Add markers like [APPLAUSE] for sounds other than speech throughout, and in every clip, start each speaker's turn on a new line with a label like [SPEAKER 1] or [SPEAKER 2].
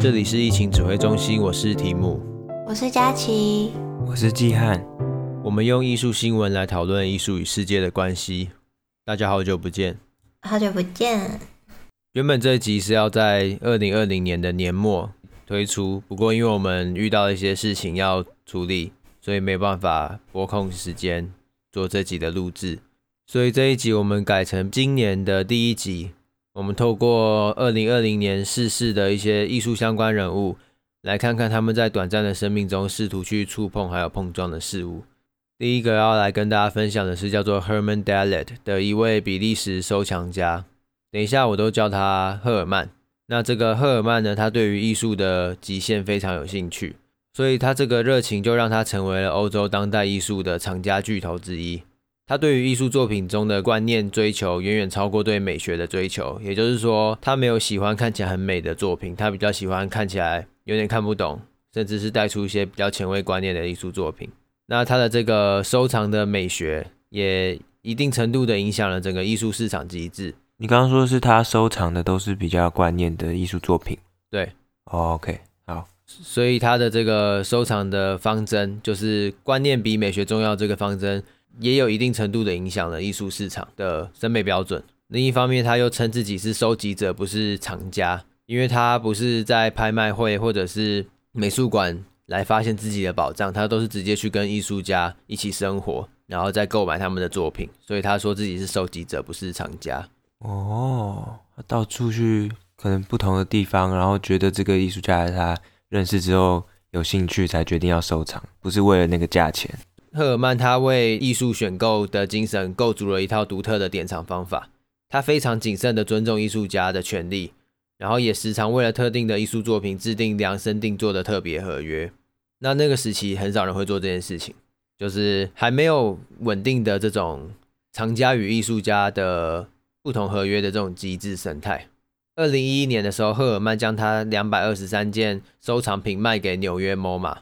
[SPEAKER 1] 這裡是藝情指揮中心，我是提姆，
[SPEAKER 2] 我是佳琪，
[SPEAKER 1] 我是季漢。我們用藝術新聞來討論藝術與世界的關係。大家好久不見，
[SPEAKER 2] 好久不見。
[SPEAKER 1] 原本這一集是要在二零二零年的年末推出，不過因為我們遇到了一些事情要處理，所以沒辦法撥空時間做這集的錄製，所以這一集我們改成今年的第一集。我們透過2020年逝世的一些藝術相關人物，來看看他們在短暫的生命中試圖去觸碰還有碰撞的事物。第一個要來跟大家分享的是叫做 Herman Daled 的一位比利時收藏家，等一下我都叫他赫爾曼。那這個赫爾曼呢，他對於藝術的極限非常有興趣，所以他這個熱情就讓他成為了歐洲當代藝術的藏家巨頭之一。他對於藝術作品中的觀念追求遠遠超過對美學的追求，也就是說，他沒有喜歡看起來很美的作品，他比較喜歡看起來有點看不懂，甚至是帶出一些比較前衛觀念的藝術作品。那他的這個收藏的美學也一定程度的影響了整個藝術市場機制。
[SPEAKER 3] 你剛剛說的是他收藏的都是比較觀念的藝術作品，對，oh，OK，好，
[SPEAKER 1] 所以他的這個收藏的方針就是觀念比美學重要這個方針。也有一定程度的影響了藝術市場的審美標準。另一方面，他又稱自己是收集者，不是藏家，因為他不是在拍賣會或者是美術館來發現自己的寶藏，他都是直接去跟藝術家一起生活，然後再購買他們的作品。所以他說自己是收集者，不是藏家。
[SPEAKER 3] 哦，他到處去可能不同的地方，然後覺得這個藝術家他認識之後有興趣，才決定要收藏，不是為了那個價錢。
[SPEAKER 1] 赫爾曼他為藝術選購的精神構築了一套獨特的典藏方法。他非常謹慎地尊重藝術家的權利，然後也時常為了特定的藝術作品制定量身定做的特別合約。那那個時期很少人會做這件事情，就是還沒有穩定的這種藏家與藝術家的不同合約的這種機制生態。二零一一年的時候，赫爾曼將他兩百二十三件收藏品賣給紐約 MoMA。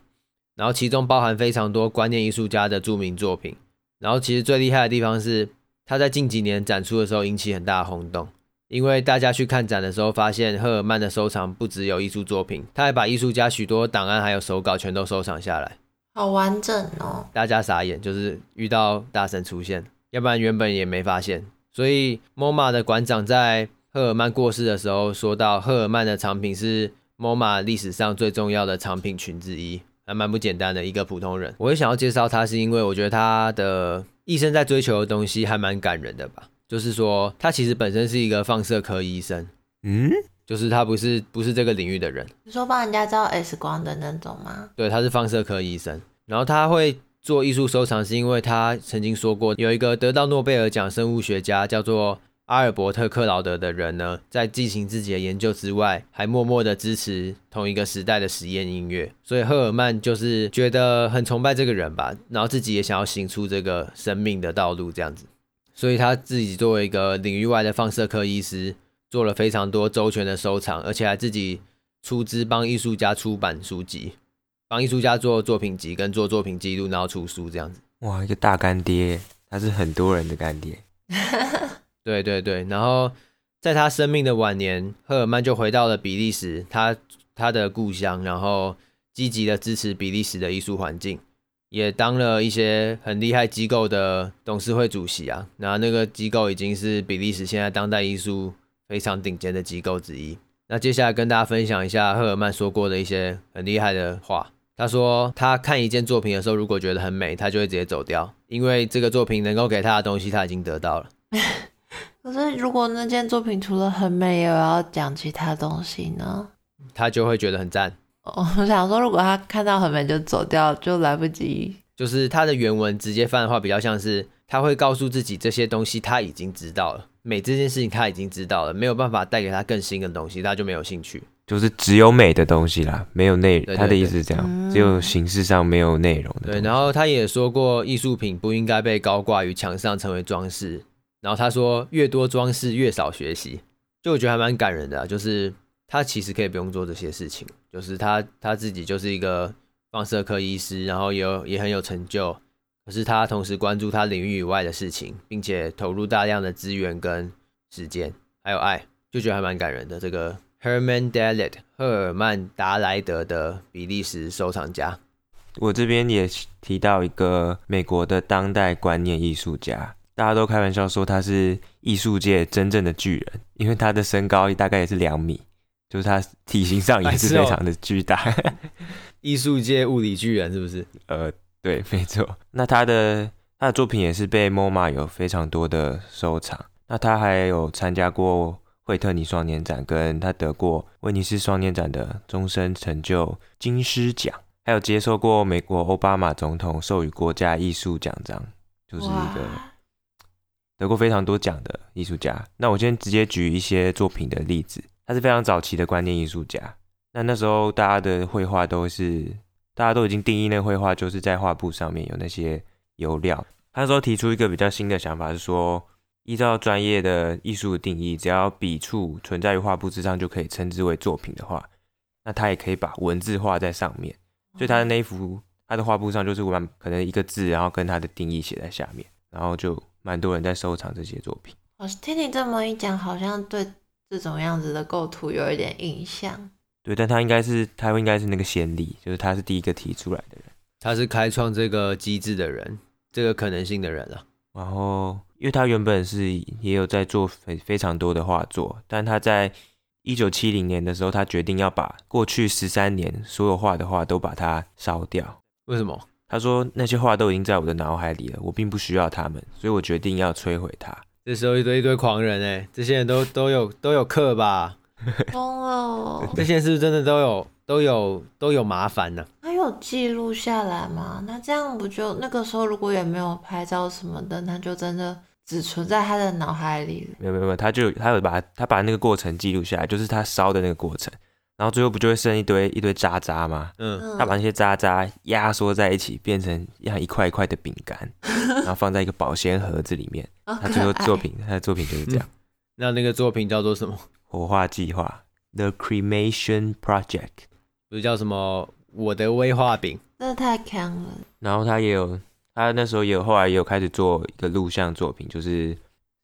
[SPEAKER 1] 然後其中包含非常多觀念藝術家的著名作品。然後其實最厲害的地方是，他在近幾年展出的時候引起很大的轟動，因為大家去看展的時候發現，赫爾曼的收藏不只有藝術作品，他還把藝術家許多檔案還有手稿全都收藏下來，
[SPEAKER 2] 好完整哦！
[SPEAKER 1] 大家傻眼，就是遇到大神出現，要不然原本也沒發現。所以，MoMA 的館長在赫爾曼過世的時候說到，赫爾曼的藏品是 MoMA 歷史上最重要的藏品群之一。還蠻不簡單的一個普通人，我也想要介紹他，是因為我覺得他的一生在追求的東西還蠻感人的吧。就是說，他其實本身是一個放射科醫生，嗯，就是他不是不是這個領域的人。
[SPEAKER 2] 你說幫人家照 X 光的那種嗎？
[SPEAKER 1] 對，他是放射科醫生，然後他會做藝術收藏，是因為他曾經說過，有一個得到諾貝爾獎生物學家叫做。阿爾伯特·克勞德的人呢，在進行自己的研究之外，還默默的支持同一個時代的實驗音樂。所以赫爾曼就是覺得很崇拜這個人吧，然後自己也想要行出這個生命的道路這樣子。所以他自己作為一個領域外的放射科醫師，做了非常多周全的收藏，而且還自己出資幫藝術家出版書籍，幫藝術家做作品集跟做作品記錄，然後出書這樣子。
[SPEAKER 3] 哇，一個大乾爹！他是很多人的乾爹。 [LAUGHS]
[SPEAKER 1] 對對對，然後在他生命的晚年，赫爾曼就回到了比利時，他他的故鄉，然後積極的支持比利時的藝術環境，也當了一些很厲害機構的董事會主席啊。那那個機構已經是比利時現在當代藝術非常頂尖的機構之一。那接下來跟大家分享一下赫爾曼說過的一些很厲害的話。他說，他看一件作品的時候，如果覺得很美，他就會直接走掉，因為這個作品能夠給他的東西他已經得到了。 [LAUGHS]
[SPEAKER 2] 可是，如果那件作品除了很美，也有要講其他東西呢、嗯？
[SPEAKER 1] 他就會覺得很讚。
[SPEAKER 2] Oh, 我想說，如果他看到很美就走掉，就來不及。
[SPEAKER 1] 就是他的原文直接翻的話，比較像是他會告訴自己這些東西他已經知道了，美這件事情他已經知道了，沒有辦法帶給他更新的東西，他就沒有興趣。
[SPEAKER 3] 就是只有美的東西啦，沒有內容。他的意思是這樣，只有形式上沒有內容、
[SPEAKER 1] 嗯、對，然後他也說過，藝術品不應該被高掛於牆上成為裝飾。然後他說：“越多裝飾，越少學習。”就我覺得還蠻感人的啊，就是他其實可以不用做這些事情，就是他他自己就是一個放射科醫師，然後也有也很有成就，可是他同時關注他領域以外的事情，並且投入大量的資源跟時間還有愛，就覺得還蠻感人的。這個 Herman Dallet，赫爾曼達萊德的比利時收藏家。
[SPEAKER 3] 我這邊也提到一個美國的當代觀念藝術家。大家都開玩笑說他是藝術界真正的巨人，因為他的身高大概也是兩米，就是他體型上也是非常的巨大。藝術、哦、 [LAUGHS] 界物理巨人是不是？呃，對，沒錯。那他的他的作品也是被 MoMA 有非常多的收藏。那他還有參加過惠特尼雙年展，跟他得過威尼斯雙年展的終身成就金獅獎，還有接受過美國歐巴馬總統授予國家藝術獎章，就是一、這個。得過非常多獎的藝術家，那我先直接舉一些作品的例子。他是非常早期的觀念藝術家，那那時候大家的繪畫都是，大家都已經定義那繪畫就是在畫布上面有那些油料。他那時候提出一個比較新的想法，是說依照專業的藝術的定義，只要筆觸存在於畫布之上就可以稱之為作品的話，那他也可以把文字畫在上面。所以他的那一幅他的畫布上就是我們可能一個字，然後跟他的定義寫在下面，然後就。蠻多人在收藏這些作品。
[SPEAKER 2] 我聽你這麼一講，好像對這種樣子的構圖有一點印象。
[SPEAKER 3] 對，但他應該是，他應該是那個先例，就是他是第一個提出來的人，他是開創這個機制的人，這個可能性的人了、啊。然後，因為他原本是也有在做非非常多的畫作，但他在一九七零年的時候，他決定要把過去十三年所有畫的畫都把它燒掉。為什麼？他說那些畫都已經在我的腦海裡了，我並不需要他們，所以我決定要摧毀它。
[SPEAKER 1] 這時候一堆一堆狂人哎、欸，這些人都都有 [LAUGHS] 都有課吧？
[SPEAKER 2] 瘋了、哦！這
[SPEAKER 1] 些人是不是真的都有都有都有麻煩呢、
[SPEAKER 2] 啊？他有記錄下來嗎？那這樣不就那個時候如果也沒有拍照什麼的，那就真的只存在他的腦海裡了。
[SPEAKER 3] 沒有沒有沒有，他就他有把他把那個過程記錄下來，就是他燒的那個過程。然後最後不就會剩一堆一堆渣渣嗎？嗯，他把那些渣渣壓縮在一起，變成一塊一塊的餅乾， [LAUGHS] 然後放在一個保鮮盒子裡面。Oh, 他最後作品，他的作品就是這樣，
[SPEAKER 1] 嗯。那那個作品叫做什麼？
[SPEAKER 3] 火化計劃，The Cremation Project，就是叫什麼？我的威化餅，
[SPEAKER 2] 那太強了。
[SPEAKER 3] 然後他也有，他那時候也有，後來也有開始做一個錄像作品，就是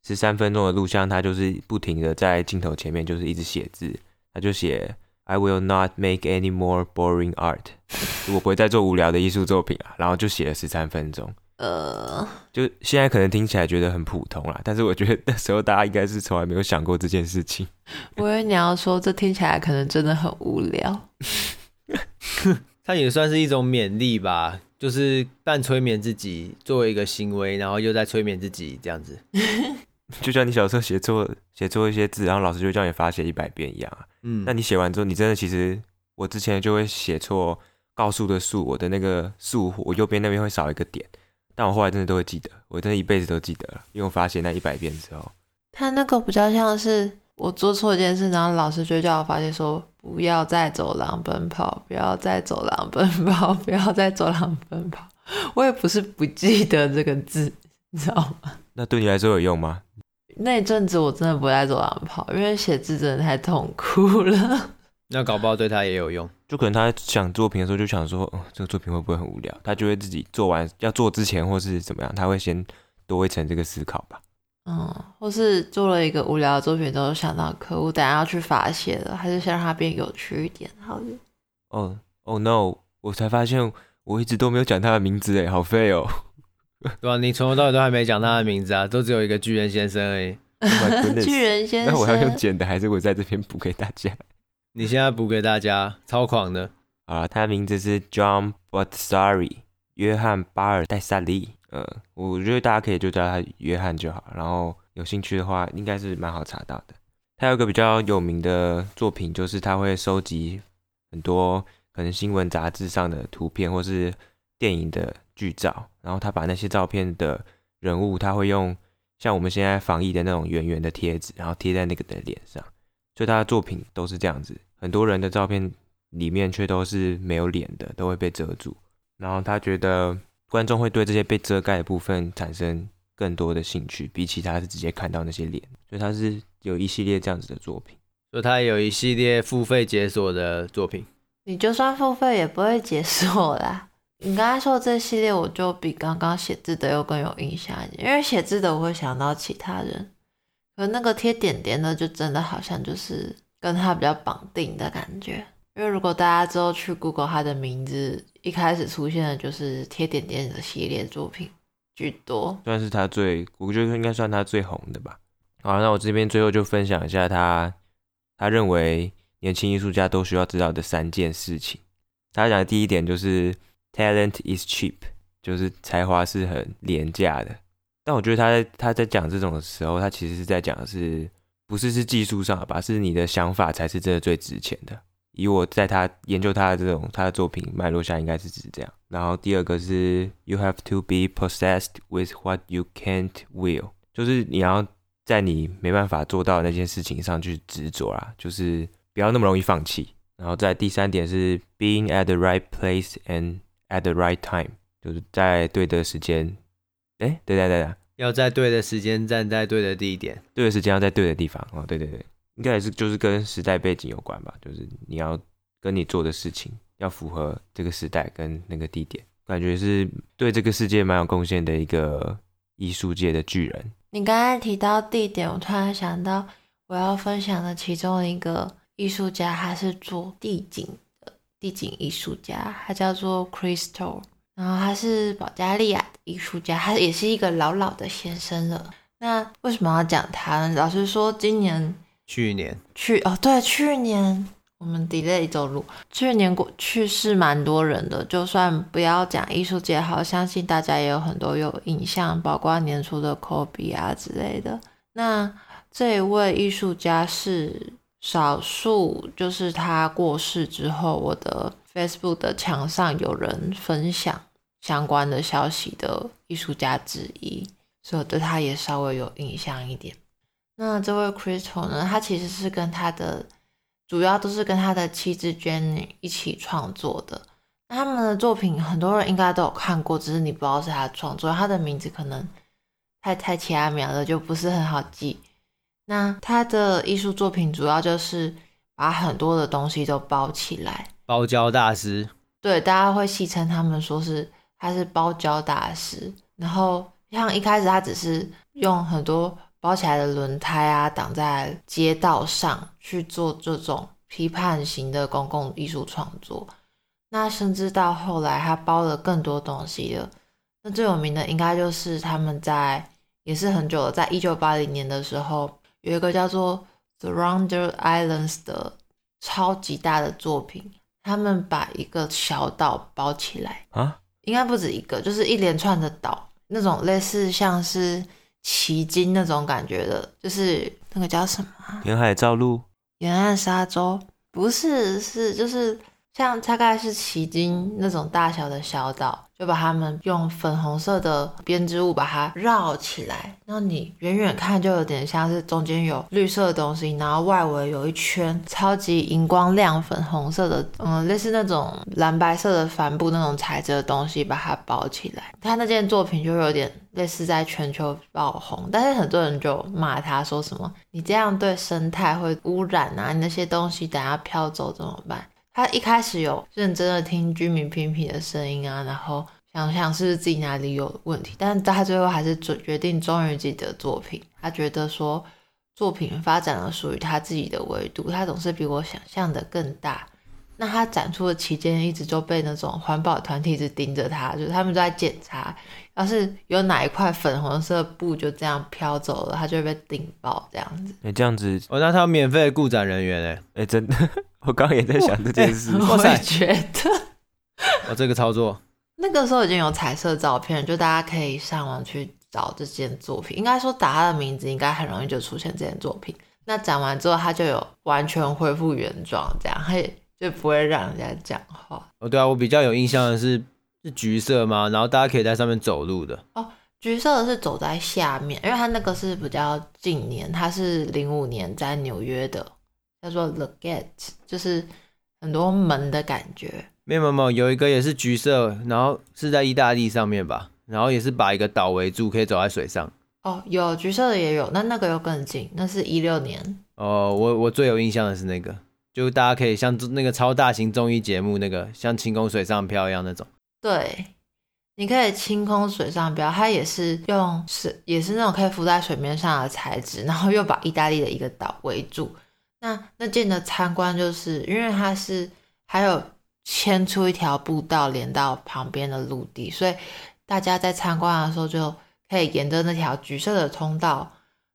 [SPEAKER 3] 十三分鐘的錄像，他就是不停的在鏡頭前面就是一直寫字，他就寫。I will not make any more boring art。 [LAUGHS] 我不會再做無聊的藝術作品啊，然後就寫了十三分鐘。
[SPEAKER 2] 呃，
[SPEAKER 3] 就現在可能聽起來覺得很普通啦，但是我覺得那時候大家應該是從來沒有想過這件事情。
[SPEAKER 2] 我以為你要說這聽起來可能真的很無聊。
[SPEAKER 3] 它 [LAUGHS] 也算是一種勉勵吧，
[SPEAKER 1] 就是半催眠自己作為一個行為，然後又在催眠自己這樣子。 [LAUGHS]
[SPEAKER 3] [LAUGHS] 就像你小時候寫錯寫錯一些字，然後老師就會叫你罰寫一百遍一樣啊。嗯，那你寫完之後，你真的其實我之前就會寫錯“告訴”的“訴”，我的那個“訴”我右邊那邊會少一個點，但我後來真的都會記得，我真的一輩子都記得了，因為我罰寫那一百遍之後。
[SPEAKER 2] 他那個比較像是我做錯一件事，然後老師就叫我罰寫，說“不要在走廊奔跑，不要在走廊奔跑，不要在走廊奔跑”。我也不是不記得這個字。你知
[SPEAKER 3] 道嗎？那對你來說有用嗎？
[SPEAKER 2] 那一陣子我真的不會在走廊跑，因為寫字真的太痛苦了。
[SPEAKER 3] 那搞不好對他也有用，就可能他想作品的時候，就想說，哦、嗯，這個作品會不會很無聊？他就會自己做完要做之前或是怎麼樣，他會先多一層這個思考吧。嗯，
[SPEAKER 2] 或是做了一個無聊的作品之後，想到可惡，等下要去發洩了，還是先讓它變有趣一點，好的。
[SPEAKER 3] 哦、oh, oh、no！我才發現我一直都沒有講他的名字，哎，好廢哦。 [LAUGHS] 對啊，你從頭到尾都還沒講他的名字啊，都只有一個巨人先生而已。Oh、my goodness, [LAUGHS] 巨人先生，那我要用剪的還是我在這邊補給大家？ [LAUGHS] 你現在補給大家，超狂的。好、啊、他的名字是 John Baldessari，約翰巴爾戴薩利。呃、嗯，我覺得大家可以就叫他約翰就好，然後有興趣的話，應該是蠻好查到的。他有一個比較有名的作品，就是他會收集很多可能新聞雜誌上的圖片，或是電影的劇照，然後他把那些照片的人物，他會用像我們現在防疫的那種圓圓的貼紙，然後貼在那個的臉上，所以他的作品都是這樣子。很多人的照片裡面卻都是沒有臉的，都會被遮住，然後他覺得觀眾會對這些被遮蓋的部分產生更多的興趣，比起他是直接看到那些臉，所以他是有一系列這樣子的作品。所以他有一系列
[SPEAKER 1] 付費解鎖的作品，
[SPEAKER 2] 你就算付費也不會解鎖啦。你剛才說的這系列，我就比剛剛寫字的又更有印象一點，因為寫字的我會想到其他人，可是那個貼點點的就真的好像就是跟他比較綁定的感覺，因為如果大家之後去 Google 他的名字，一開始出現的就是貼點點的系列作品居多，
[SPEAKER 3] 算是他最，我覺得應該算他最紅的吧。好，那我這邊最後就分享一下他，他認為年輕藝術家都需要知道的三件事情。他講的第一點就是。Talent is cheap，就是才華是很廉價的。但我覺得他在他在講這種的時候，他其實是在講的是不是是技術上的吧？是你的想法才是真的最值錢的。以我在他研究他的這種他的作品脈絡下，應該是指這樣。然後第二個是 You have to be possessed with what you can't will，就是你要在你沒辦法做到的那件事情上去執着啊，就是不要那麼容易放棄。然後在第三點是 Being at the right place and At the right time，就是在對的時間。哎、欸，對啊對的、啊，
[SPEAKER 1] 要在對的時間，站在對的地點，
[SPEAKER 3] 對的時間要在對的地方哦，對對對，應該也是就是跟時代背景有關吧？就是你要跟你做的事情要符合這個時代跟那個地點，感覺是對這個世界蠻有貢獻的一個藝術界的巨人。
[SPEAKER 2] 你剛才提到地點，我突然想到我要分享的其中一個藝術家，他是做地景。地景藝術家，他叫做 Christo，然後他是保加利亞的藝術家，他也是一個老老的先生了。那為什麼要講他？老實說，今年去、去年、去哦，對，去年我們 delay 走路，去年過去世蠻多人的。就算不要講藝術界，好，相信大家也有很多有印象，包括年初的 Kobe 啊之類的。那這一位藝術家是。少數就是他過世之後，我的 Facebook 的牆上有人分享相關的消息的藝術家之一，所以對他也稍微有印象一點。那這位 Christo 呢，他其實是跟他的主要都是跟他的妻子 Jenny 一起創作的。那他們的作品很多人應該都有看過，只是你不知道是他的創作，他的名字可能太太奇妙了，就不是很好記。那他的藝術作品主要就是把很多的東西都包起來，
[SPEAKER 1] 包膠大師，
[SPEAKER 2] 對，大家會戲稱他們說是他是包膠大師。然後像一開始他只是用很多包起來的輪胎啊擋在街道上去做這種批判型的公共藝術創作。那甚至到後來，他包了更多東西了。那最有名的應該就是他們在也是很久了，在一九八零年的時候。有一個叫做 The Surrounded Islands 的超級大的作品，他們把一個小島包起來啊，應該不止一個，就是一連串的島，那種類似像是旗津那種感覺的，就是那個叫什麼？
[SPEAKER 3] 沿海造陸，
[SPEAKER 2] 沿岸沙洲，不是，是就是像，大概是旗津那種大小的小島。就把他們用粉紅色的編織物把它繞起來，那你遠遠看就有點像是中間有綠色的東西，然後外圍有一圈超級熒光亮粉紅色的，嗯，類似那種藍白色的帆布那種材質的東西把它包起來。他那件作品就有點類似在全球爆紅，但是很多人就罵他說什麼：“你這樣對生態會污染啊，你那些東西等下飄走怎麼辦？”他一開始有認真的聽居民批評的聲音啊，然後想想是不是自己哪裡有問題，但是他最後還是準決定忠於自己的作品。他覺得說作品發展了屬於他自己的維度，他總是比我想象的更大。那他展出的期間一直就被那種環保團體一直盯着他，就是他們都在檢查，要是有哪一塊粉紅色布就這樣飄走了，他就會被頂爆這樣子。
[SPEAKER 1] 哎、欸，這樣子，哦，那他有免費的顧展人員哎，哎、欸，真的。 [LAUGHS] 我剛剛也在想這件
[SPEAKER 2] 事，我也
[SPEAKER 1] 覺得。哦，這個操作，
[SPEAKER 2] 那個時候已經有彩色照片，就大家可以上網去找這件作品。應該說打他的名字，應該很容易就出現這件作品。那展完之後，他就有完全恢復原狀，這樣，他就不會讓人家講話。
[SPEAKER 1] 哦，哦，對啊，我比較有印象的是，是橘色嗎？然後大家可以在上面走路的。
[SPEAKER 2] 哦，橘色的是走在下面，因為他那個是比較近年，他是零五年在紐約的。叫做 The Gates 就是很多門的感覺。
[SPEAKER 1] 沒有沒有，有一個也是橘色，然後是在意大利上面吧，然後也是把一個島圍住，可以走在水上。
[SPEAKER 2] 哦，有橘色的也有，那那個又更近，那是一六年。
[SPEAKER 1] 哦，我我最有印象的是那個，就大家可以像那個超大型綜藝節目那個，像輕功水上漂一樣那種。
[SPEAKER 2] 對，你可以輕功水上漂，它也是用是也是那種可以浮在水面上的材質，然後又把意大利的一個島圍住。那那間的參觀，就是因為它是還有牽出一條步道連到旁邊的陸地，所以大家在參觀的時候就可以沿着那條橘色的通道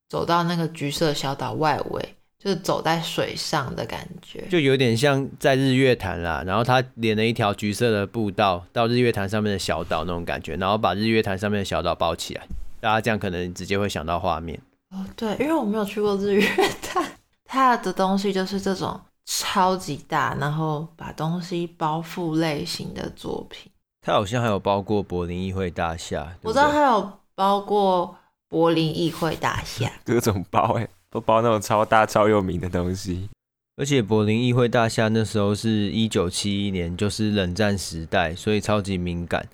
[SPEAKER 2] 走到那個橘色小島外圍，就是走在水上的感覺，就
[SPEAKER 1] 有點像在日月潭啦。然後它連了一條橘色的步道到日月潭上面的小島那種感覺，然後把日月潭上面的小島包起來，大家這樣可能直接會想到畫面。
[SPEAKER 2] 哦，對，因為我沒有去過日月潭。他的東西就是這種超級大，然後把東西包覆類型的作品。
[SPEAKER 1] 他好像還有
[SPEAKER 3] 包過柏林議會大廈，我知
[SPEAKER 2] 道還有包過柏林議會大廈，
[SPEAKER 3] 各種包哎，都包那種超大、超有名的東西。而且柏林議
[SPEAKER 1] 會大廈那時候是一九七一年，就是冷戰時代，所以超級敏感。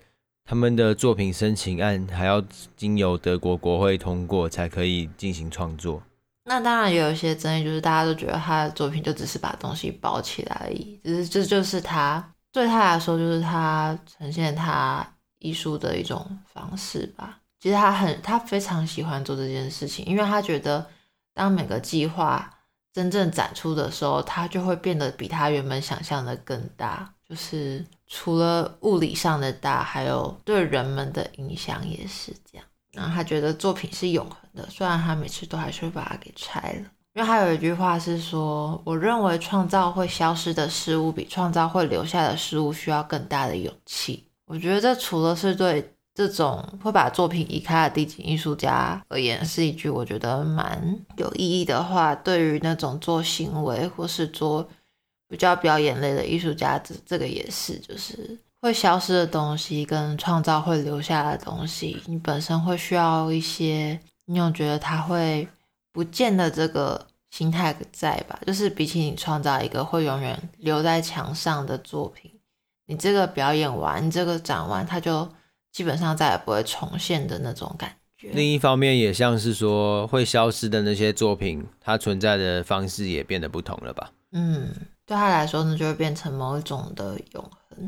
[SPEAKER 1] 他們的作品申請案還要經由德國國會通過才可以進行創作。
[SPEAKER 2] 那當然也有一些爭議，就是大家都覺得他的作品就只是把東西包起來而已，只是這就是他對他來說，就是他呈現他藝術的一種方式吧。其實他很他非常喜歡做這件事情，因為他覺得當每個計劃真正展出的時候，他就會變得比他原本想象的更大，就是除了物理上的大，還有對人們的影響也是這樣。然後他覺得作品是永恆的，雖然他每次都還是會把它給拆了。因為他有一句話是說：“我認為創造會消失的事物，比創造會留下的事物需要更大的勇氣。”我覺得這除了是對這種會把作品移開的地景藝術家而言，是一句我覺得蠻有意義的話。對於那種做行為或是做比較表演類的藝術家，這這個也是，就是。會消失的東西跟創造會留下來的東西，你本身會需要一些，你有覺得它會不見的這個心態在吧？就是比起你創造一個會永遠留在牆上的作品，你這個表演完，你這個展完，它就基本上再也不會重現的那種感
[SPEAKER 1] 覺。另一方面，也像是說，會消失的那些作品，它存在的方式也變得不同了吧？
[SPEAKER 2] 嗯，對他來說呢，就會變成某一種的永恆。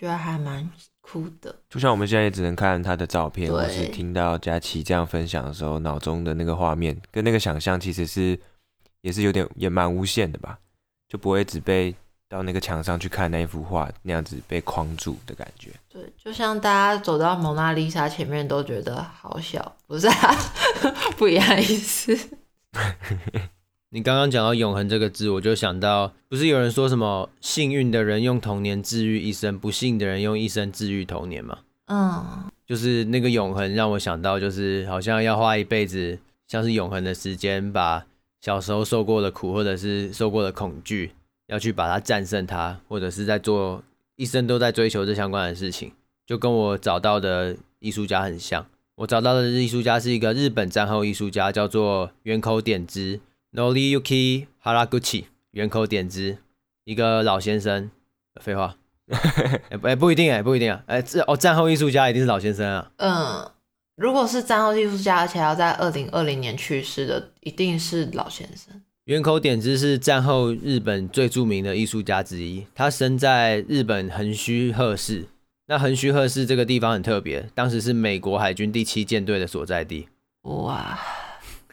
[SPEAKER 2] 覺得還蠻酷的，
[SPEAKER 3] 就像我們現在也只能看他的照片，或、就是聽到佳琪這樣分享的時候，腦中的那個畫面跟那個想象其實是也是有點也蠻無限的吧，就不會只被到那個牆上去看那一幅畫那樣子被框住的感覺。
[SPEAKER 2] 對，就像大家走到蒙娜麗莎前面都覺得好小，不是、啊， [LAUGHS] 不一樣的意思。 [LAUGHS]
[SPEAKER 1] 你剛剛講到“永恆”這個字，我就想到，不是有人說什麼幸運的人用童年治癒一生，不幸的人用一生治癒童年嗎？嗯，就是那個永恆，讓我想到，就是好像要花一輩子，像是永恆的時間，把小時候受過的苦或者是受過的恐懼，要去把它戰勝它，或者是在做一生都在追求這相關的事情，就跟我找到的藝術家很像。我找到的藝術家是一個日本戰後藝術家，叫做原口典之。Noriyuki，哈拉古奇，原口典之，一個老先生。廢話，不， [LAUGHS] 欸，不，一定，欸，不一定啊，哎，欸，這哦，戰後藝術家一定是老先生啊。嗯，
[SPEAKER 2] 如果是戰後藝術家，而且要在二零二零年去世的，一定是老先生。
[SPEAKER 1] 原口典之是戰後日本最著名的藝術家之一，他生在日本橫須賀市。那橫須賀市這個地方很特別，當時是美國海軍第七艦隊的所在地。哇，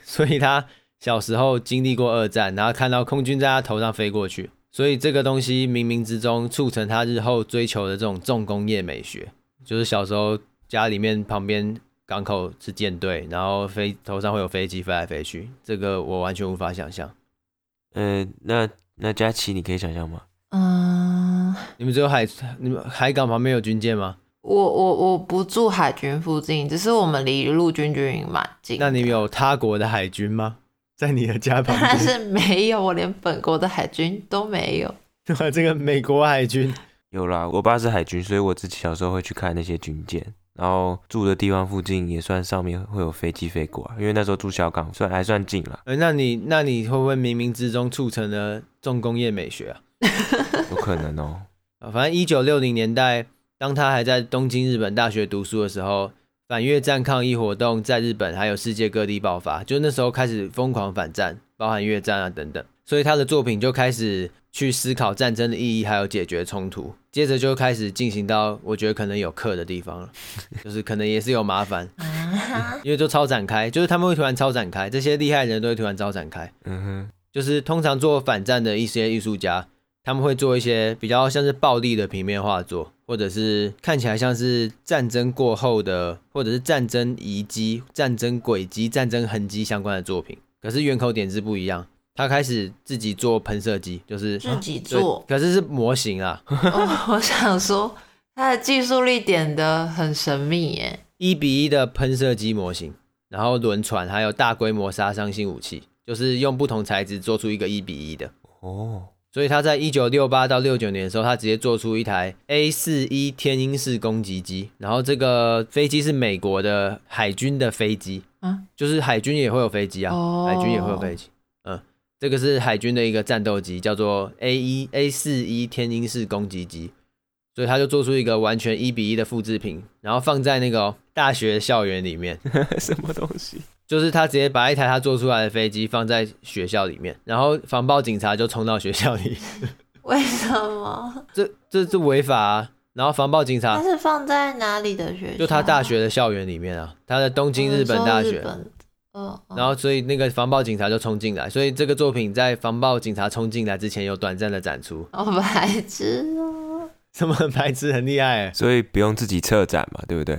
[SPEAKER 1] 所以他。小時候經歷過二戰，然後看到空軍在他頭上飛過去，所以這個東西冥冥之中促成他日後追求的這種重工業美學。就是小時候家裡面旁邊港口是艦隊，然後飛頭上會有飛機飛來飛去，這個我完全無法想象。
[SPEAKER 3] 呃，那那佳琪，你可以
[SPEAKER 1] 想象嗎？
[SPEAKER 2] 嗯，
[SPEAKER 1] 你們只有海，你們海港旁邊有軍艦嗎？
[SPEAKER 2] 我我我不住海軍附近，只是我們離陸軍軍營蠻近。那你有他國的海軍嗎？在你的家旁邊？當然是沒有，我連本國的海軍都沒有。
[SPEAKER 3] [LAUGHS] 這個美國海軍有啦，我爸是海軍，所以我自己小時候會去看那些軍艦，然後住的地方附近也算上面會有飛機飛過，因為那時候住小港算還算近了。
[SPEAKER 1] 欸，那你那你會不會冥冥之中促成了重工業美學啊？
[SPEAKER 3] [LAUGHS] 有可能哦、喔。
[SPEAKER 1] 反正一九六零年代，當他還在東京日本大學讀書的時候。反越戰抗議活動在日本還有世界各地爆發，就那時候開始瘋狂反戰，包含越戰啊等等，所以他的作品就開始去思考戰爭的意義，還有解決衝突。接着就開始進行到我覺得可能有課的地方了，就是可能也是有麻煩， [LAUGHS] 因為就超展開，就是他們會突然超展開，這些厲害的人都會突然超展開，嗯
[SPEAKER 3] 哼，
[SPEAKER 1] 就是通常做反戰的一些藝術家。他們會做一些比較像是暴力的平面畫作，或者是看起來像是戰爭過後的，或者是戰爭遺跡、戰爭軌跡、戰爭痕跡相關的作品。可是原口典之不一樣，他開始自己做噴射機，就是自己做，可是是模型啊。
[SPEAKER 2] [LAUGHS] oh, 我想說他的技術力點得很神秘耶。
[SPEAKER 1] 一比一的噴射機模型，然後輪船，還有大規模殺傷性武器，就是用不同材質做出一個一比一的哦。Oh. 所以他在一九六八到六九年的時候，他直接做出一台 A 四一天鷹式攻擊機，然後這個飛機是美國的海軍的飛機，嗯、就是海軍也會有飛機啊，海軍也會有飛機，哦、嗯，這個是海軍的一個戰鬥機，叫做 A 一 A 四一天鷹式攻擊機，所以他就做出一個完全一比一的複製品，然後放在那個、哦、大學校園裡面，
[SPEAKER 3] [LAUGHS] 什麼東西？
[SPEAKER 1] 就是他直接把一台他做出來的飛機放在學校裡面，然後防暴警察就衝到學校裡。 [LAUGHS]
[SPEAKER 2] 為什麼？
[SPEAKER 1] 這這這違法啊！然後防暴警察他是
[SPEAKER 2] 放在哪裡的學校？就他大
[SPEAKER 1] 學的校園裡面啊，他在東京日本大學。嗯、哦。然後所以那個防暴警察就衝進來，所以這個作品在防暴警察衝進來之前有短暫的展
[SPEAKER 3] 出。
[SPEAKER 2] 我白痴啊！
[SPEAKER 3] 這麼很排斥很厲害，所以不用自己策展嘛，對不對？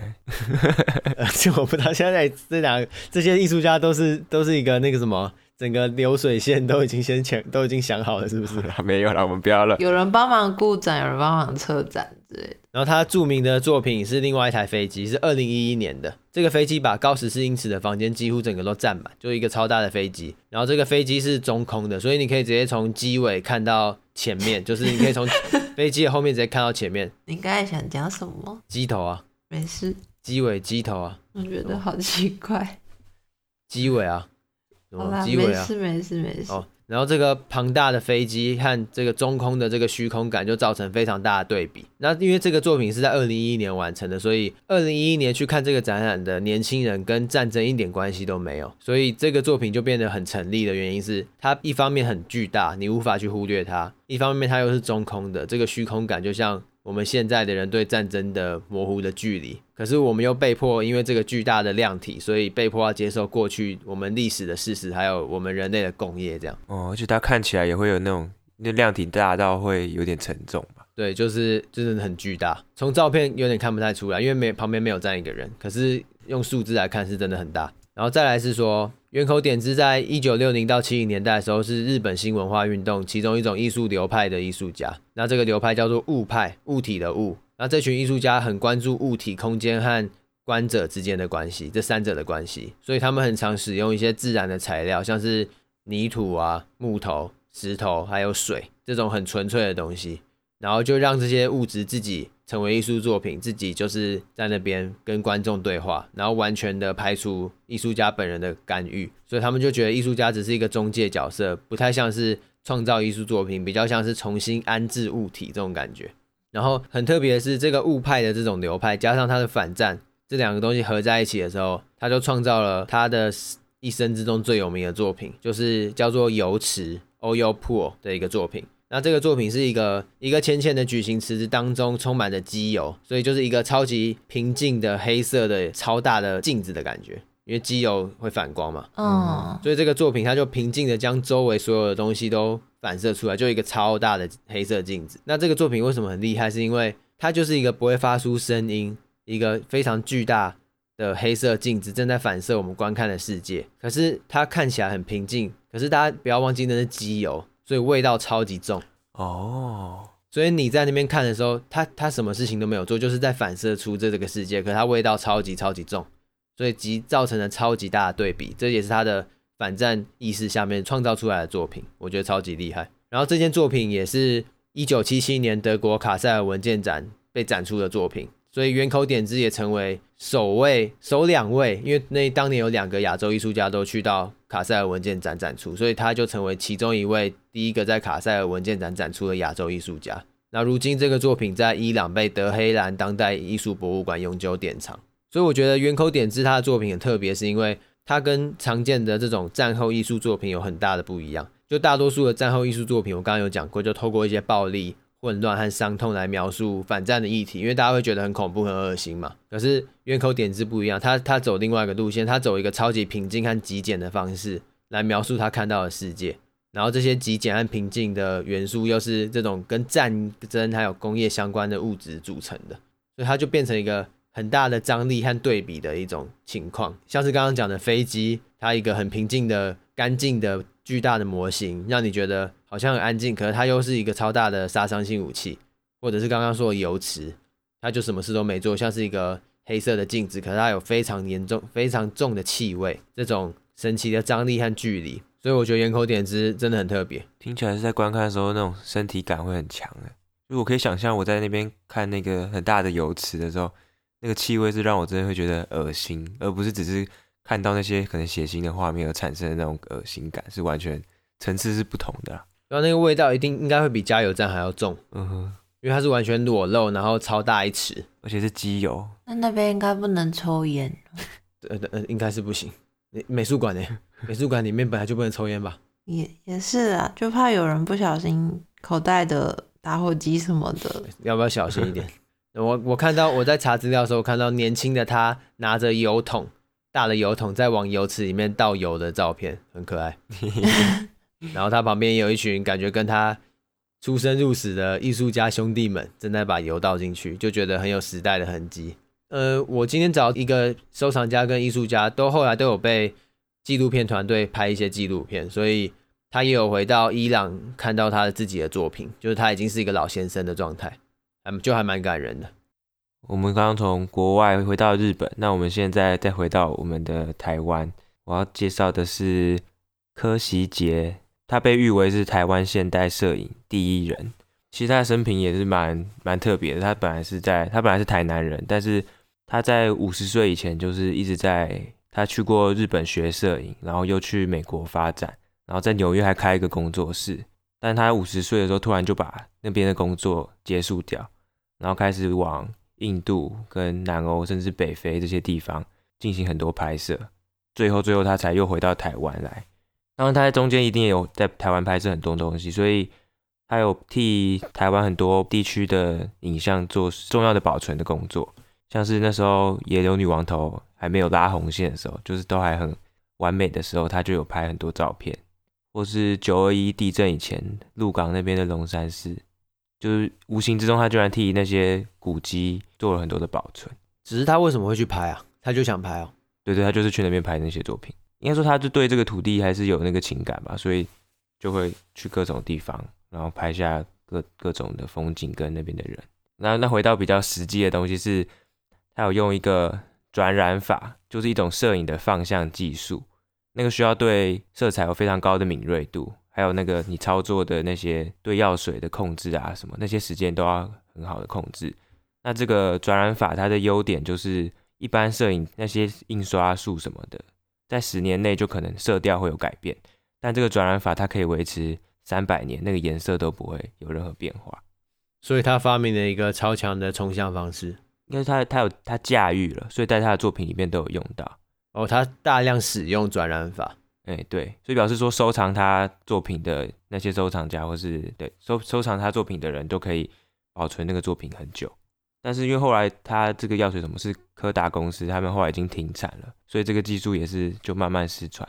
[SPEAKER 2] 而 [LAUGHS] 且、呃、我不知道
[SPEAKER 1] 現在這兩，這些藝術家都是都是一個那個什麼，整個流水線都已經先前都已經想好了，是不是？ [LAUGHS] 沒有啦，我們不要了。
[SPEAKER 2] 有人幫忙顧展，有人幫忙策展。
[SPEAKER 1] 對，然後他著名的作品是另外一台飛機，是二零一一年的。這個飛機把高十四英尺的房間幾乎整個都佔滿，就一個超大的飛機。然後這個飛機是中空的，所以你可以直接從機尾看到前面， [LAUGHS] 就是你可以從飛機的後面直接看到前面。你
[SPEAKER 2] 剛才想講什麼？機頭啊，沒事。
[SPEAKER 1] 機尾、機頭啊，我
[SPEAKER 2] 覺得好奇怪。機尾
[SPEAKER 1] 啊，麼機尾啊，沒事沒
[SPEAKER 2] 事沒事。沒事沒事
[SPEAKER 1] 哦然後這個龐大的飛機和這個中空的這個虛空感就造成非常大的對比。那因為這個作品是在二零一一年完成的，所以二零一一年去看這個展覽的年輕人跟戰爭一點關係都沒有，所以這個作品就變得很成立的原因是，它一方面很巨大，你無法去忽略它；一方面，面它又是中空的，這個虛空感就像。我們現在的人對戰爭的模糊的距離，可是我們又被迫因為這個巨大的量體，所以被迫要接受過去我們歷史的事實，還有我們人類的共業這樣。
[SPEAKER 3] 哦，而且它看起來也會有那種那量體大到會有點沉重吧？
[SPEAKER 1] 對，就是真的很巨大。從照片有點看不太出來，因為沒旁邊沒有站一個人，可是用數字來看是真的很大。然後再來是說。原口典之在一九六零到七零年代的時候，是日本新文化運動其中一種藝術流派的藝術家。那這個流派叫做物派，物體的物。那這群藝術家很關注物體、空間和觀者之間的關係，這三者的關係。所以他們很常使用一些自然的材料，像是泥土啊、木頭、石頭，還有水這種很純粹的東西，然後就讓這些物質自己。成為藝術作品，自己就是在那邊跟觀眾對話，然後完全的排除藝術家本人的干預，所以他們就覺得藝術家只是一個中介角色，不太像是創造藝術作品，比較像是重新安置物體這種感覺。然後很特別的是，這個物派的這種流派加上他的反戰這兩個東西合在一起的時候，他就創造了他的一生之中最有名的作品，就是叫做油池 oil pool） 的一個作品。那這個作品是一個一個淺淺的矩形池子當中充滿着機油，所以就是一個超級平靜的黑色的超大的鏡子的感覺，因為機油會反光嘛。嗯、哦，所以這個作品它就平靜的將周圍所有的東西都反射出來，就一個超大的黑色鏡子。那這個作品為什麼很厲害？是因為它就是一個不會發出聲音，一個非常巨大的黑色鏡子正在反射我們觀看的世界。可是它看起來很平靜，可是大家不要忘記那是機油。所以味道超級重哦，oh. 所以你在那邊看的時候，他他什麼事情都沒有做，就是在反射出這這個世界，可是它味道超級超級重，所以即造成了超級大的對比，這也是他的反戰意識下面創造出來的作品，我覺得超級厲害。然後這件作品也是一九七七年德國卡塞爾文件展被展出的作品。所以原口典之也成為首位、首兩位，因為那當年有兩個亞洲藝術家都去到卡塞爾文件展展出，所以他就成為其中一位第一個在卡塞爾文件展展出的亞洲藝術家。那如今這個作品在伊朗被德黑蘭當代藝術博物館永久典藏。所以我覺得原口典之他的作品很特別，是因為他跟常見的這種戰後藝術作品有很大的不一樣。就大多數的戰後藝術作品，我剛剛有講過，就透過一些暴力。混亂和傷痛來描述反戰的議題，因為大家會覺得很恐怖、很惡心嘛。可是原口典之不一樣，他它，它走另外一個路線，他走一個超級平靜和極簡的方式來描述他看到的世界。然後這些極簡和平靜的元素，又是這種跟戰爭還有工業相關的物質組成的，所以他就變成一個很大的張力和對比的一種情況。像是剛剛講的飛機，它一個很平靜的、乾淨的。巨大的模型讓你覺得好像很安靜，可是它又是一個超大的殺傷性武器，或者是剛剛說的油池，它就什麼事都沒做，像是一個黑色的鏡子，可是它有非常嚴重、非常重的氣味，這種神奇的張力
[SPEAKER 3] 和距離，所以我覺得原口典之真的很特別。聽起來是在觀看的時候那種身體感會很強誒，就我可以想象我在那邊看那個很大的油池的時候，那個氣味是讓我真的會覺得惡心，而不是只是。看到那些可能血腥的畫面而產生的那種惡心感是完全層次是不同的。啊，然
[SPEAKER 1] 後、啊、那個味道一定應該會比加油站還要重，嗯哼，因為它是完全裸露，然後超大一尺，而且是機油。
[SPEAKER 2] 那那邊應該不能抽菸，
[SPEAKER 1] 對對、呃、應該是不行。美術館呢、欸？ [LAUGHS] 美術館裡面本來就不能抽菸吧？
[SPEAKER 2] 也也是啊，就怕有人不小心口袋的打火機什麼的，
[SPEAKER 1] 要不要小心一點？ [LAUGHS] 我我看到我在查資料的時候我看到年輕的他拿着油桶。打了油桶在往油池裡面倒油的照片很可愛， [LAUGHS] 然後他旁邊有一群感覺跟他出生入死的藝術家兄弟們正在把油倒進去，就覺得很有時代的痕跡。呃，我今天找一個收藏家跟藝術家，都後來都有被紀錄片團隊拍一些紀錄片，所以他也有回到伊朗看到他的自己的作品，就是他已經是一個老先生的狀態，還就還蠻感人的。
[SPEAKER 3] 我們剛剛從國外回到日本，那我們現在再回到我們的台灣。我要介紹的是柯錫杰，他被譽為是台灣現代攝影第一人。其實他的生平也是蠻蠻特別的。他本來是在他本來是台南人，但是他在五十歲以前就是一直在他去過日本學攝影，然後又去美國發展，然後在紐約還開一個工作室。但他五十歲的時候突然就把那邊的工作結束掉，然後開始往。印度跟南歐甚至北非這些地方進行很多拍攝，最後最後他才又回到台灣來。當然他在中間一定也有在台灣拍攝很多東西，所以他有替台灣很多地區的影像做重要的保存的工作。像是那時候野柳女王頭還沒有拉紅線的時候，就是都還很完美的時候，他就有拍很多照片，或是九二一地震以前鹿港那邊的龍山寺。就是無形之中，他居然替那些古蹟做了很多的保存。只是
[SPEAKER 1] 他為什麼會去拍啊？他就想拍哦。
[SPEAKER 3] 對對，他就是去那邊拍那些作品。應該說，他就對這個土地還是有那個情感吧，所以就會去各種地方，然後拍下各各種的風景跟那邊的人。那那回到比較實際的東西是，他有用一個轉染法，就是一種攝影的放相技術。那個需要對色彩有非常高的敏銳度，還有那個你操作的那些對藥水的控制啊，什麼那些時間都要很好的控制。那這個轉染法它的優點就是，一般攝影那些印刷術什麼的，在十年內就可能色調會有改變，但這個轉染法它可以維持三百年，那個顏色都不會有任何變化。所以他發明了一個超強的沖相方式，因為他他有他駕馭了，所以在他的作品裡面都有用到。哦，他大量使用轉染法，哎、欸，對，所以表示說收藏他作品的那些收藏家，或是對收收藏他作品的人都可以保存那個作品很久。但是因為後來他這個藥水什麼是柯達公司，他們後來已經停產了，所以這個技術也是就慢慢失傳。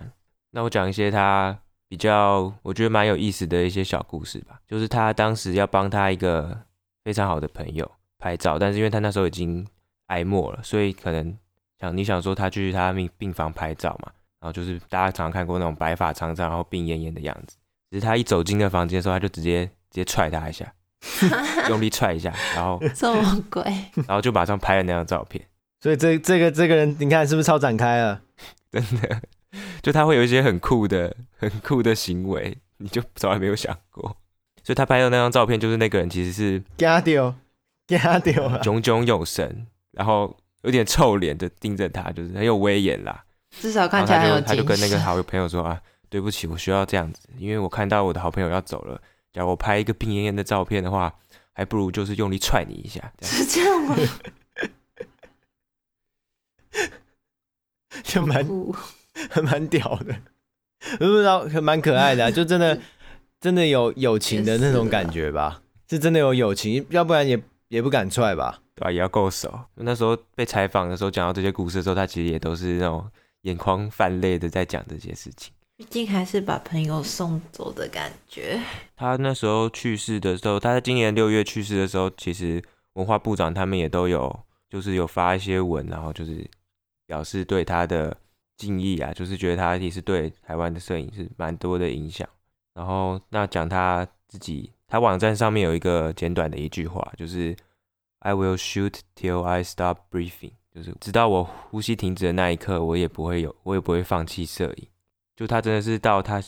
[SPEAKER 3] 那我講一些他比較我覺得蠻有意思的一些小故事吧，就是他當時要幫他一個非常好的朋友拍照，但是因為他那時候已經癌末了，所以可能。像你想說他去他病病房拍照嘛，然後就是大家常常看過那種白髮蒼蒼然後病懨懨的樣子。其實他一走進那個房間的時候，他就直接直接踹他一下， [LAUGHS] 用力踹一下，然後這麼鬼，然後就馬上拍了那張照片。
[SPEAKER 1] 所以這這個這個人，你看是不是超展開啊？ [LAUGHS] 真的，
[SPEAKER 3] 就他會有一些很酷的很酷的行為，你就從來沒有想過。所以他拍的那張照片就是那個人其實是加掉加掉炯炯有神，然後。有點臭臉的盯着他，就是很有威嚴啦。至少看起來有他。他就跟那個好朋友說啊：“對不起，我需要這樣子，因為我看到我的好朋友要走了。假如我拍一個病懨懨的照片的話，還不如就是用力踹你一下。”
[SPEAKER 1] 是這樣嗎？ [LAUGHS] [LAUGHS] 就蠻，很蠻屌的，不知道很蠻可愛的、啊，就真的真的有友情的那種感覺吧？是真的有友情，要不然也也不敢踹吧？
[SPEAKER 3] 啊，也要夠熟。那時候被採訪的時候，講到這些故事的時候，他其實也都是那種眼眶泛淚的在講這些事情。
[SPEAKER 2] 畢竟還是把朋友送走的感覺。
[SPEAKER 3] 他那時候去世的時候，他在今年六月去世的時候，其實文化部長他們也都有，就是有發一些文，然後就是表示對他的敬意啊，就是覺得他其實對台灣的攝影是蠻多的影響。然後那講他自己，他網站上面有一個簡短的一句話，就是。I will shoot till I stop breathing，就是直到我呼吸停止的那一刻，我也不會有，我也不會放棄攝影。就他真的是到他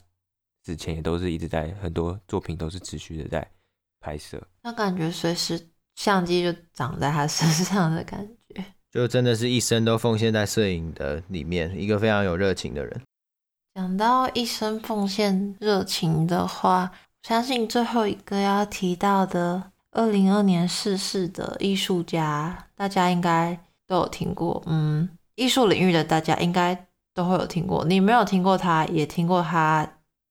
[SPEAKER 3] 之前也都是一直在，很多作品都是持續的在拍攝。
[SPEAKER 2] 那感覺隨時相機就長在他身上的感覺，
[SPEAKER 3] 就真
[SPEAKER 1] 的是一生都奉獻在攝影的裡面，一個非常有熱情的人。
[SPEAKER 2] 講到一生奉獻熱情的話，我相信最後一個要提到的。二零二零年逝世的藝術家，大家應該都有聽過。嗯，藝術領域的大家應該都會有聽過。你沒有聽過他，也聽過他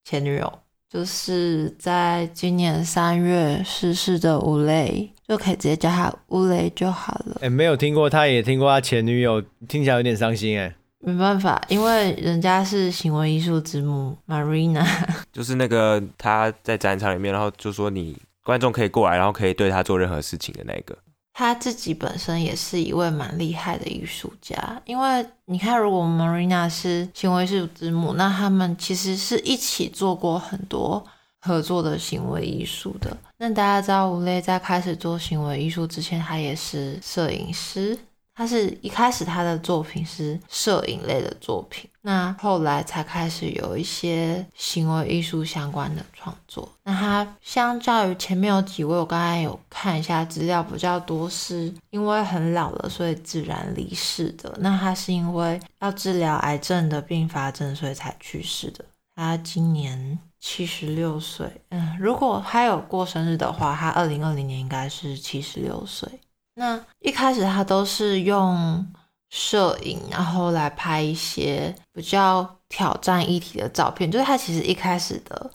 [SPEAKER 2] 前女友，就是在今年三月逝世的烏雷，就可以直接叫他烏雷就好
[SPEAKER 1] 了。誒、欸，沒有聽過，他也聽過他前
[SPEAKER 3] 女友，聽起來有點傷心誒、欸。
[SPEAKER 2] 沒辦法，因為人家是行為藝術之母 Marina，
[SPEAKER 3] 就是那個他在展場裡面，然後就說你。觀眾可以過來，然後可以對他做任何事情的那個。
[SPEAKER 2] 他自己本身也是一位蠻厲害的藝術家，因為你看，如果 Marina 是行為藝術之母，那他們其實是一起做過很多合作的行為藝術的。那大家知道，烏雷在開始做行為藝術之前，他也是攝影師，他是一開始他的作品是攝影類的作品。那後來才開始有一些行為藝術相關的創作。那他相較於前面有幾位，我剛才有看一下資料比較多，是因為很老了，所以自然離世的。那他是因為要治療癌症的併發症，所以才去世的。他今年七十六歲，嗯，如果他有過生日的話，他二零二零年應該是七十六歲。那一開始他都是用。攝影，然後來拍一些比較挑戰議題的照片。就是他其實一開始的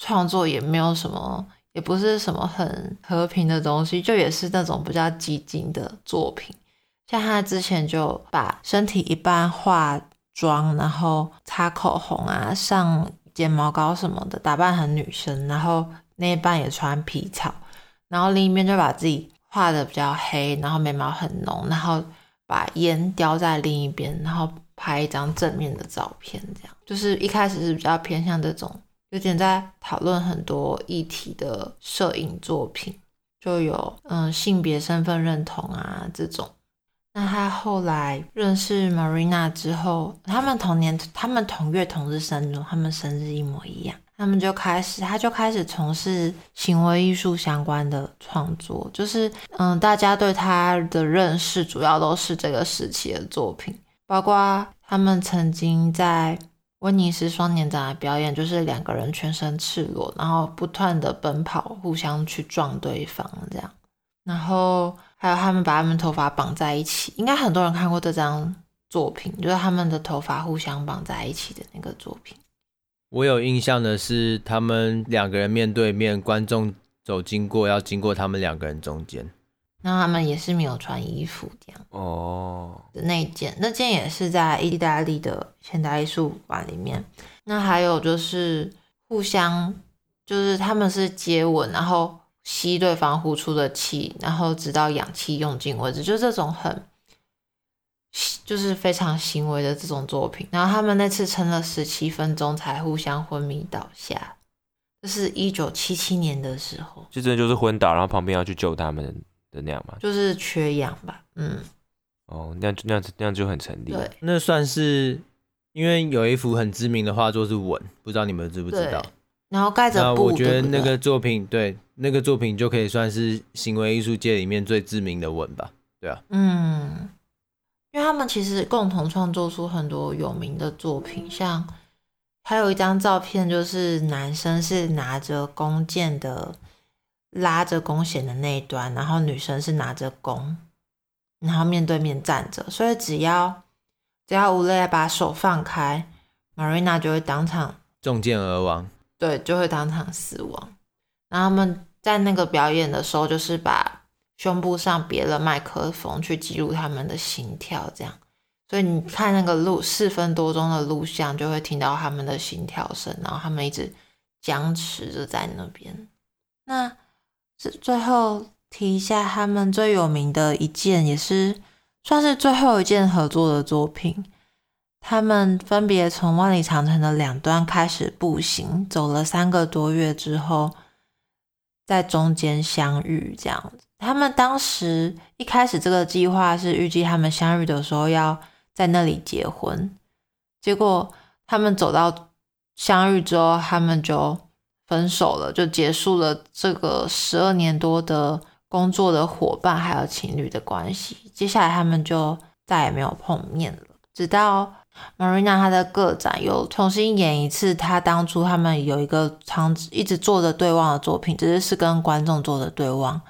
[SPEAKER 2] 創作也沒有什麼，也不是什麼很和平的東西，就也是那種比較激進的作品。像他之前就把身體一半化妝，然後擦口紅啊，上睫毛膏什麼的，打扮很女生，然後那一半也穿皮草，然後另一邊就把自己畫的比較黑，然後眉毛很濃，然後把煙叼在另一邊，然後拍一張正面的照片。這樣就是一開始是比較偏向這種有點在討論很多議題的攝影作品，就有嗯、呃、性別身份認同啊這種。那他後來認識 Marina 之後，他們同年，他們同月同日生日，他們生日一模一樣。他們就開始，他就開始從事行為藝術相關的創作，就是，嗯，大家對他的認識主要都是這個時期的作品，包括他們曾經在威尼斯雙年展的表演，就是兩個人全身赤裸，然後不斷的奔跑，互相去撞對方，這樣，然後還有他們把他們頭髮綁在一起，應該很多人看過這張作品，就是他們的頭髮互相綁在一起的那個作品。
[SPEAKER 1] 我有印象的是，他們兩個人面對面，觀眾走經過要經過他們兩個人中間。
[SPEAKER 2] 那他們也是沒有穿衣服這
[SPEAKER 1] 樣哦。那
[SPEAKER 2] 一件、oh. 那件也是在意大利的現代藝術館裡面。那還有就是互相，就是他們是接吻，然後吸對方呼出的氣，然後直到氧氣用盡為止，就這種很。就是非常行為的這種作品，然後他們那次撐了十七分鐘才互相昏迷倒下。這是一九七七年的時候，
[SPEAKER 3] 就真的就是昏倒，然後旁邊要去救他們的那樣嘛？就
[SPEAKER 2] 是缺氧吧？嗯。
[SPEAKER 3] 哦，那樣那樣那樣就很成立。對，那算是因為有一幅很知名的畫作是吻，
[SPEAKER 1] 不知道你們知不知道？然後蓋着布。那我覺得那個作品，對，對，對那個作品就可以算是行為藝術界裡面最知名的吻吧？對啊。嗯。
[SPEAKER 2] 因為他們其實共同創作出很多有名的作品，像還有一張照片，就是男生是拿着弓箭的，拉着弓弦的那一端，然後女生是拿着弓，然後面對面站着。所以只要只要烏雷把手放開，瑪瑞娜就會當場
[SPEAKER 1] 中箭而亡，
[SPEAKER 2] 對，就會當場死亡。然後他們在那個表演的時候，就是把。胸部上別了麥克風去記錄他們的心跳，這樣，所以你看那個錄四分多鐘的錄像，就會聽到他們的心跳聲，然後他們一直僵持着在那邊。那最最後提一下，他們最有名的一件，也是算是最後一件合作的作品，他們分別從萬里長城的兩端開始步行，走了三個多月之後，在中間相遇，這樣子。他們當時一開始這個計劃是預計他們相遇的時候要在那裡結婚，結果他們走到相遇之後，他們就分手了，就結束了這個十二年多的工作的夥伴還有情侶的關係。接下來他們就再也沒有碰面了，直到 Marina 她的個展又重新演一次，她當初他們有一個長一直做着對望的作品，只是是跟觀眾做的對望。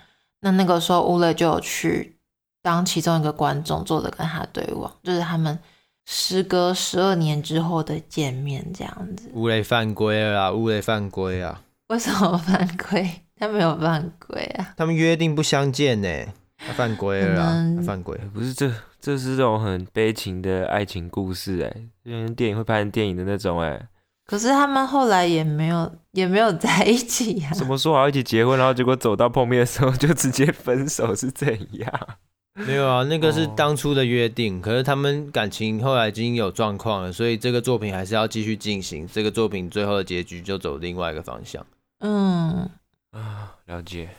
[SPEAKER 2] 那那個時候，烏雷就有去當其中一個觀眾坐着跟他對望，就是他們時隔十二年之後的見面這樣子。
[SPEAKER 1] 烏雷犯規了，烏雷犯規啊！
[SPEAKER 2] 為什麼犯規？他沒有犯規啊！
[SPEAKER 1] 他們約定不相見呢，他犯規了、嗯、他犯規了、
[SPEAKER 3] 欸、犯規。不是這，這是這種很悲情的愛情故事哎，就像電影會拍成電影的那種哎。
[SPEAKER 2] 可是他們後來也沒有，也沒有在一起呀、啊。
[SPEAKER 3] 怎麼說好一起結婚，然後結果走到碰面的時候就直接分手是怎樣？
[SPEAKER 1] [LAUGHS] 沒有啊，那個是當初的約定。哦、可是他們感情後來已經有狀況了，所以這個作品還是要繼續進行。這個作品最後的結局就走另外一個方向。
[SPEAKER 2] 嗯，啊，了解。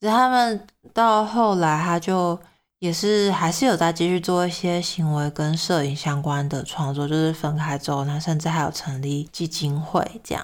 [SPEAKER 2] 那他們到後來他就。也是還是有在繼續做一些行為跟攝影相關的創作，就是分開之後，那甚至還有成立基金會這樣。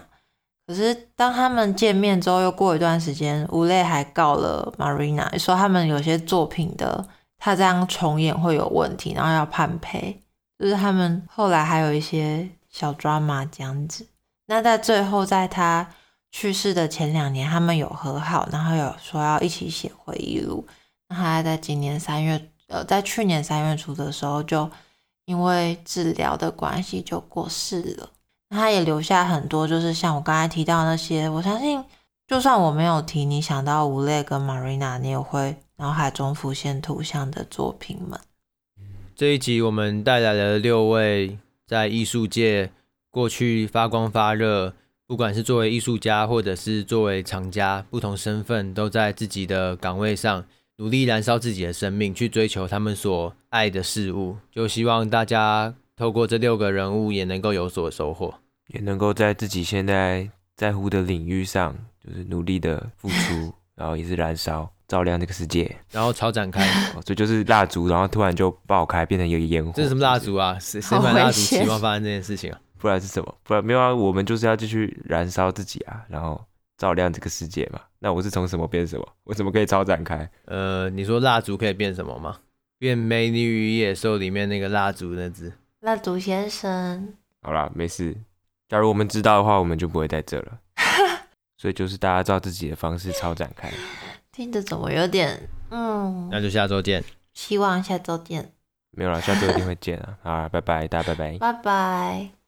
[SPEAKER 2] 可是當他們見面之後，又過一段時間，烏雷還告了 Marina，說他們有些作品的他這樣重演會有問題，然後要判賠。就是他們後來還有一些小抓馬這樣子。那在最後，在他去世的前兩年，他們有和好，然後有說要一起寫回憶錄。他在今年三月，呃，在去年三月初的時候，就因為治療的關係就過世了。他也留下很多，就是像我剛才提到的那些，我相信就算我沒有提，你想到烏雷跟 Marina，你也會腦海中浮現圖像的作品們。
[SPEAKER 1] 這一集我們帶來了六位在藝術界過去發光發熱，不管是作為藝術家或者是作為藏家，不同身份都在自己的崗位上。努力燃燒自己的生命，去追求他們所愛的事物，就希望大家透過這六個人物也能夠有所收穫，也能夠
[SPEAKER 3] 在自己現在在乎的領域上，就是努力的付出，然後也是燃燒， [LAUGHS] 照亮這個世界。然後超展開， [LAUGHS] 所以就是蠟燭，然後突然就爆開，變成一個煙火。這
[SPEAKER 1] 是什麼蠟燭啊？誰誰買蠟燭，希望發生這件事情啊？
[SPEAKER 3] 不然是什麼？不然沒有啊？我們就是要繼續燃燒自己啊，然後。照亮這個世界嘛？那我是從什麼變什麼？為什麼可以超展開？
[SPEAKER 1] 呃，你說蠟燭可以變什麼嗎？變美女與野獸
[SPEAKER 3] 裡面那個蠟燭那只
[SPEAKER 2] 蠟燭先生？
[SPEAKER 3] 好啦，沒事。假如我們知道的話，我們就不會在這了。 [LAUGHS] 所以就是大家照自己的方式超展開。
[SPEAKER 2] [LAUGHS] 聽着怎麼有點……
[SPEAKER 3] 嗯，那就下周見。
[SPEAKER 2] 希望下周見。
[SPEAKER 3] 沒有啦，下周一定會見啊！ [LAUGHS] 好啦，拜拜，大家拜拜，
[SPEAKER 2] 拜拜。